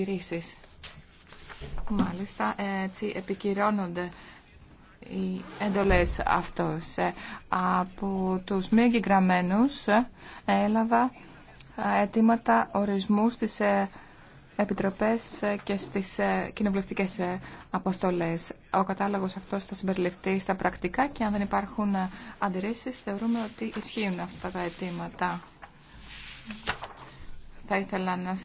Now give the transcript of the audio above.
αντιρρήσει. Μάλιστα, έτσι επικυρώνονται οι εντολές αυτός. Από τους μη εγγεγραμμένους έλαβα αιτήματα ορισμού στις ε, επιτροπές και στις ε, κοινοβουλευτικές ε, αποστολές. Ο κατάλογος αυτός θα συμπεριληφθεί στα πρακτικά και αν δεν υπάρχουν αντιρρήσει, θεωρούμε ότι ισχύουν αυτά τα αιτήματα. Θα ήθελα να